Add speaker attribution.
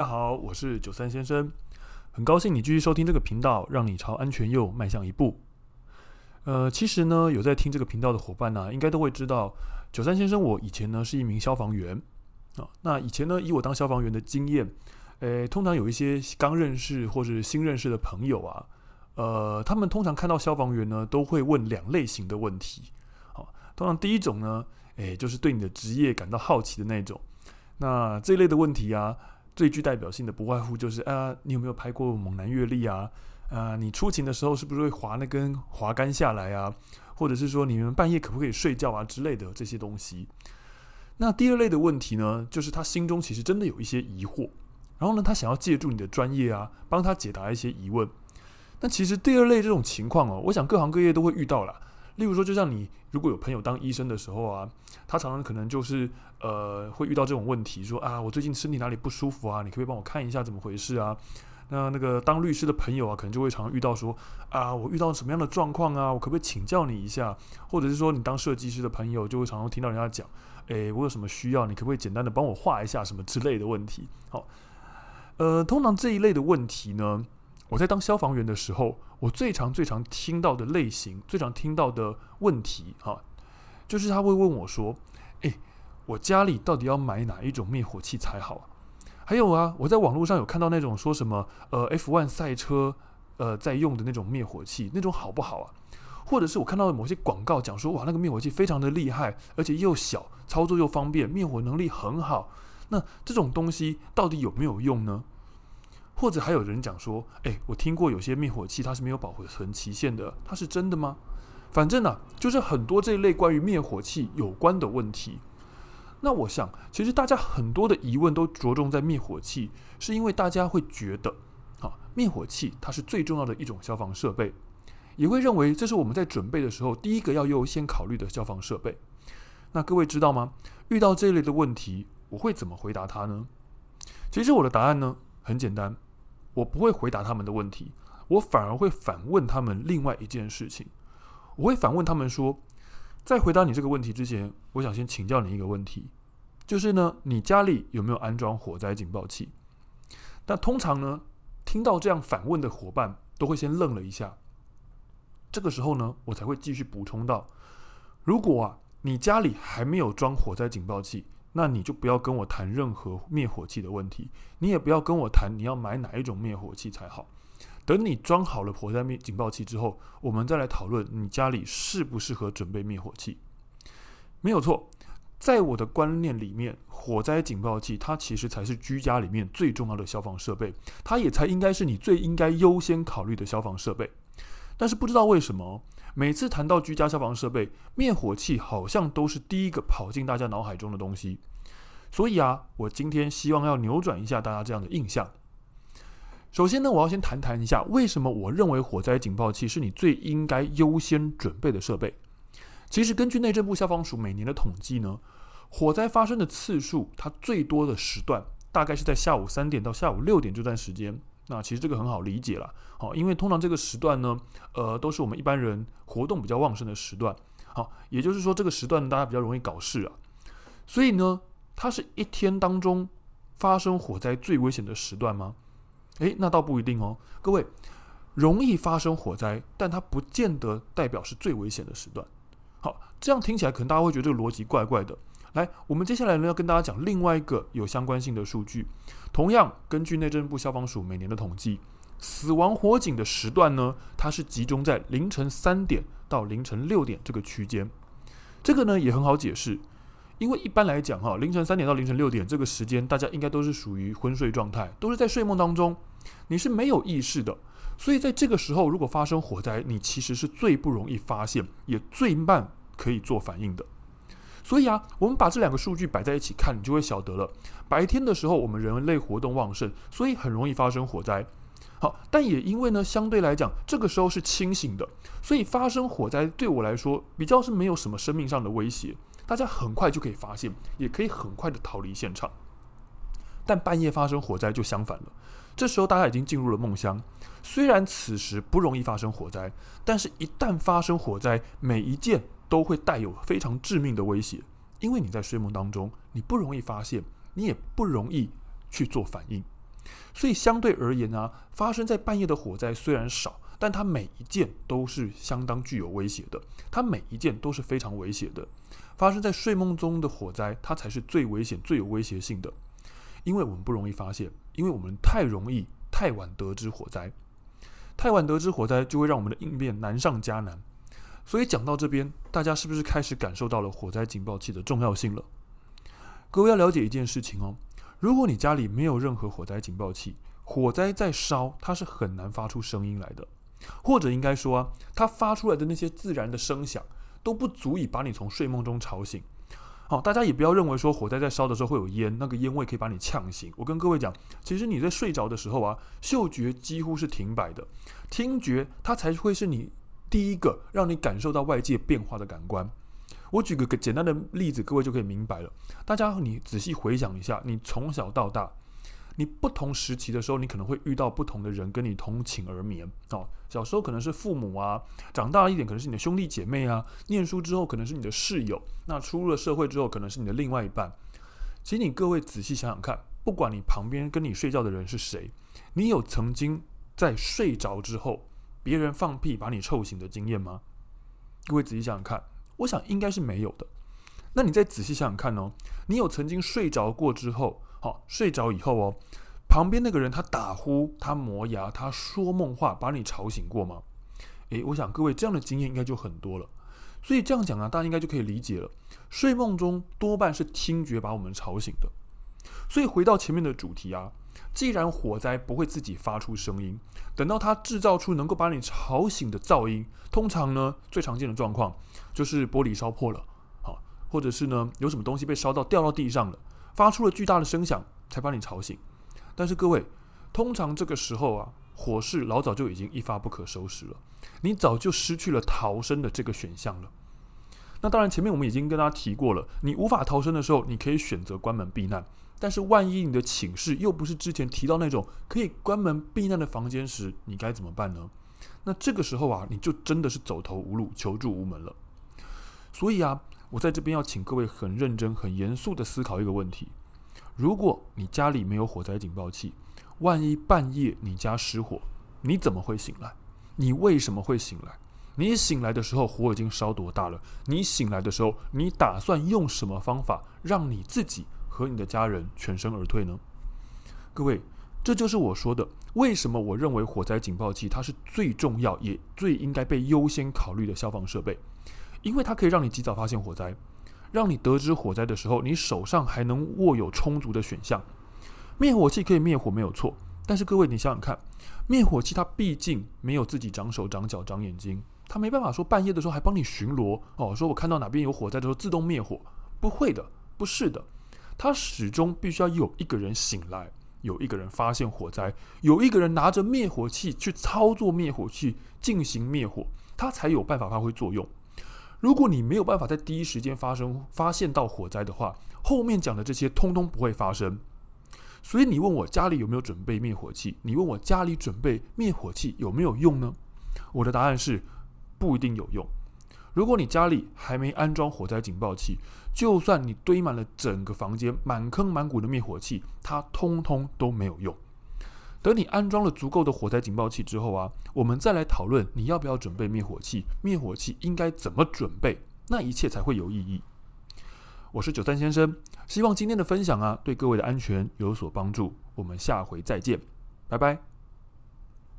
Speaker 1: 大家好，我是九三先生，很高興你繼續收聽這個頻道，讓你朝安全又邁向一步。呃，其實呢，有在聽這個頻道的夥伴呢、啊，應該都會知道，九三先生我以前呢是一名消防員啊、哦。那以前呢，以我當消防員的經驗，呃、哎，通常有一些剛認識或是新認識的朋友啊，呃，他們通常看到消防員呢，都會問兩類型的問題。好、哦，通常第一種呢，誒、哎，就是對你的職業感到好奇的那種。那這類的問題啊。最具代表性的不外乎就是啊，你有沒有拍過猛男月曆啊？啊，你出勤的時候是不是會滑那根滑竿下來啊？或者是說你們半夜可不可以睡覺啊之類的這些東西？那第二類的問題呢，就是他心中其實真的有一些疑惑，然後呢，他想要借助你的專業啊，幫他解答一些疑問。那其實第二類這種情況哦，我想各行各業都會遇到啦。例如說，就像你如果有朋友當醫生的時候啊，他常常可能就是呃會遇到這種問題，說啊我最近身體哪裡不舒服啊，你可不可以幫我看一下怎麼回事啊？那那個當律師的朋友啊，可能就會常常遇到說啊我遇到什麼樣的狀況啊，我可不可以請教你一下？或者是說你當設計師的朋友就會常常聽到人家講，誒，我有什麼需要，你可不可以簡單的幫我畫一下什麼之類的問題？好，呃，通常這一類的問題呢，我在當消防員的時候。我最常、最常聽到的類型、最常聽到的問題啊，就是他會問我說：“誒、欸，我家裡到底要買哪一種滅火器才好啊？”還有啊，我在網絡上有看到那種說什麼呃 F1 賽車呃在用的那種滅火器，那種好不好啊？或者是我看到某些廣告講說哇那個滅火器非常的厲害，而且又小，操作又方便，滅火能力很好，那這種東西到底有沒有用呢？或者還有人講說，哎、欸，我聽過有些滅火器它是沒有保存期限的，它是真的嗎？反正呢、啊，就是很多這一類關於滅火器有關的問題。那我想，其實大家很多的疑問都着重在滅火器，是因為大家會覺得，啊，滅火器它是最重要的一種消防設備，也會認為這是我們在準備的時候第一個要優先考慮的消防設備。那各位知道嗎？遇到這類的問題，我會怎麼回答它呢？其實我的答案呢，很簡單。我不會回答他們的問題，我反而會反問他們另外一件事情。我會反問他們說，在回答你這個問題之前，我想先請教你一個問題，就是呢，你家裡有沒有安裝火災警報器？那通常呢，聽到這樣反問的夥伴都會先愣了一下。這個時候呢，我才會繼續補充到：如果啊，你家裡還沒有裝火災警報器。那你就不要跟我談任何滅火器的問題，你也不要跟我談你要買哪一種滅火器才好。等你裝好了火災滅警報器之後，我們再來討論你家裡適不適合準備滅火器。沒有錯，在我的觀念裡面，火災警報器它其實才是居家裡面最重要的消防設備，它也才應該是你最應該優先考慮的消防設備。但是不知道為什麼。每次談到居家消防設備，滅火器好像都是第一個跑進大家腦海中的東西。所以啊，我今天希望要扭轉一下大家這樣的印象。首先呢，我要先談談一下為什麼我認為火災警報器是你最應該優先準備的設備。其實根據內政部消防署每年的統計呢，火災發生的次數它最多的時段，大概是在下午三點到下午六點這段時間。那其實這個很好理解了，好，因為通常這個時段呢，呃，都是我們一般人活動比較旺盛的時段，好，也就是說，這個時段大家比較容易搞事啊，所以呢，它是一天當中發生火災最危險的時段嗎？誒，那倒不一定哦，各位，容易發生火災，但它不見得代表是最危險的時段，好，這樣聽起來可能大家會覺得這個邏輯怪怪的。來，我們接下來呢要跟大家講另外一個有相關性的數據。同樣，根據內政部消防署每年的統計，死亡火警的時段呢，它是集中在凌晨三點到凌晨六點這個區間。這個呢也很好解釋，因為一般來講哈，凌晨三點到凌晨六點這個時間，大家應該都是屬於昏睡狀態，都是在睡夢當中，你是沒有意識的。所以在這個時候，如果發生火災，你其實是最不容易發現，也最慢可以做反應的。所以啊，我們把這兩個數據擺在一起看，你就會曉得了。白天的時候，我們人類活動旺盛，所以很容易發生火災。好、哦，但也因為呢，相對來講，這個時候是清醒的，所以發生火災對我來說比較是沒有什麼生命上的威脅。大家很快就可以發現，也可以很快的逃離現場。但半夜發生火災就相反了，這時候大家已經進入了夢鄉。雖然此時不容易發生火災，但是一旦發生火災，每一件。都會帶有非常致命的威脅，因為你在睡夢當中，你不容易發現，你也不容易去做反應。所以相對而言啊，發生在半夜的火災雖然少，但它每一件都是相當具有威脅的，它每一件都是非常危險的。發生在睡夢中的火災，它才是最危險、最有威脅性的，因為我們不容易發現，因為我們太容易太晚得知火災，太晚得知火災就會讓我們的應變難上加難。所以講到這邊，大家是不是開始感受到了火災警報器的重要性了？各位要了解一件事情哦，如果你家裡沒有任何火災警報器，火災在燒，它是很難發出聲音來的，或者應該說啊，它發出來的那些自然的聲響都不足以把你從睡夢中吵醒。好、哦，大家也不要認為說火災在燒的時候會有煙，那個煙味可以把你嗆醒。我跟各位講，其實你在睡着的時候啊，嗅覺幾乎是停擺的，聽覺它才會是你。第一個讓你感受到外界變化的感官，我舉個個簡單的例子，各位就可以明白了。大家你仔細回想一下，你從小到大，你不同時期的時候，你可能會遇到不同的人跟你同寢而眠哦。小時候可能是父母啊，長大一點可能是你的兄弟姐妹啊，念書之後可能是你的室友，那出入了社會之後可能是你的另外一半。請你各位仔細想想看，不管你旁邊跟你睡覺的人是誰，你有曾經在睡着之後別人放屁把你臭醒的經驗嗎？各位仔細想想看，我想應該是沒有的。那你再仔細想想看哦，你有曾經睡着過之後，好、哦、睡着以後哦，旁邊那個人他打呼、他磨牙、他說夢話把你吵醒過嗎？誒，我想各位這樣的經驗應該就很多了。所以這樣講啊，大家應該就可以理解了。睡夢中多半是聽覺把我們吵醒的。所以回到前面的主題啊。既然火災不會自己發出聲音，等到它制造出能夠把你吵醒的噪音，通常呢最常見的狀況就是玻璃燒破了，好，或者是呢有什麼東西被燒到掉到地上了，發出了巨大的聲響才把你吵醒。但是各位，通常這個時候啊，火勢老早就已經一發不可收拾了，你早就失去了逃生的這個選項了。那當然，前面我們已經跟大家提過了，你無法逃生的時候，你可以選擇關門避難。但是萬一你的寢室又不是之前提到那種可以關門避難的房間時，你該怎麼辦呢？那這個時候啊，你就真的是走投無路、求助無門了。所以啊，我在這邊要請各位很認真、很嚴肅的思考一個問題：如果你家裡沒有火災警報器，萬一半夜你家失火，你怎麼會醒來？你為什麼會醒來？你醒來的時候火已經燒多大了？你醒來的時候，你打算用什麼方法讓你自己？和你的家人全身而退呢？各位，這就是我說的，為什麼我認為火災警報器它是最重要也最應該被優先考慮的消防設備，因為它可以讓你及早發現火災，讓你得知火災的時候，你手上還能握有充足的選項。滅火器可以滅火沒有錯，但是各位你想想看，滅火器它畢竟沒有自己長手長腳長眼睛，它沒辦法說半夜的時候還幫你巡邏哦，說我看到哪邊有火災的時候自動滅火，不會的，不是的。他始終必須要有一個人醒來，有一個人發現火災，有一個人拿着滅火器去操作滅火器進行滅火，他才有辦法發揮作用。如果你沒有辦法在第一時間發生，發現到火災的話，後面講的這些通通不會發生。所以你問我家裡有沒有準備滅火器？你問我家裡準備滅火器有沒有用呢？我的答案是，不一定有用。如果你家裡還沒安裝火災警報器，就算你堆滿了整個房間，滿坑滿谷的滅火器，它通通都沒有用。等你安裝了足夠的火災警報器之後啊，我們再來討論你要不要準備滅火器，滅火器應該怎麼準備，那一切才會有意義。我是九三先生，希望今天的分享啊，對各位的安全有所幫助。我們下回再見，拜拜。